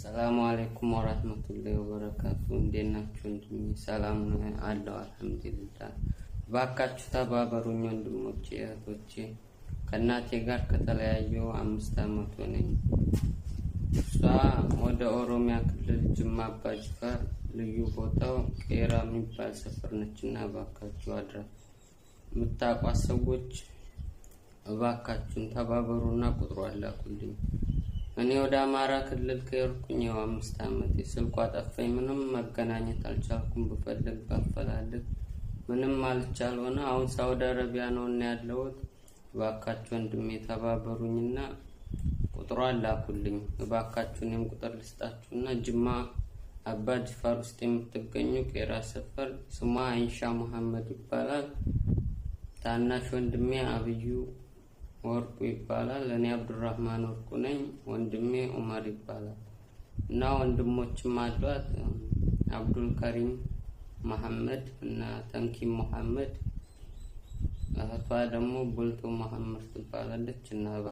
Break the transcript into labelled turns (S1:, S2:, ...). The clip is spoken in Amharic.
S1: ሰላሙ አለይኩም ወራህመቱላሂ ወበረካቱ። እንዴት ናችሁ? እንድም ሰላም አለው አልሐምዱሊላህ። እባካችሁ ተባበሩኝ ወንድሞቼ እህቶቼ። ከእናቴ ጋር ከተለያዩ አምስት አመቱ ሆነኝ። እሷ ወደ ኦሮሚያ ክልል ጅማ አባጅፋር ልዩ ቦታው ቄራ የሚባል ሰፈር ነች እና እባካችሁ አድራ የምታውቋት ሰዎች እባካችሁን ተባበሩና ቁጥሩ አላኩልኝ። እኔ ወደ አማራ ክልል ከሄድኩኝ ያው አምስት ዓመት ስልኳ ጠፋኝ። ምንም መገናኘት አልቻልኩም። ብፈልግ ባፈላልግ ምንም አልቻል ሆነ። አሁን ሳውዲ አረቢያ ነው እና ያለሁት። እባካችሁ ወንድሜ ተባበሩኝና ቁጥሯ አላኩልኝ። እባካችሁ። እኔም ቁጥር ልስጣችሁና ጅማ አባ ጅፋር ውስጥ የምትገኙ ቄራ ሰፈር ስሟ አይንሻ መሐመድ ይባላል። ታናሽ ወንድሜ አብዩ ወርቁ ይባላል። እኔ አብዱራህማን ወርቁ ነኝ። ወንድሜ ኡመር ይባላል እና ወንድሞችም አሏት አብዱል ከሪም መሐመድ እና ተንኪም መሐመድ። እህቷ ደግሞ ቡልቱ መሐመድ ትባላለች እና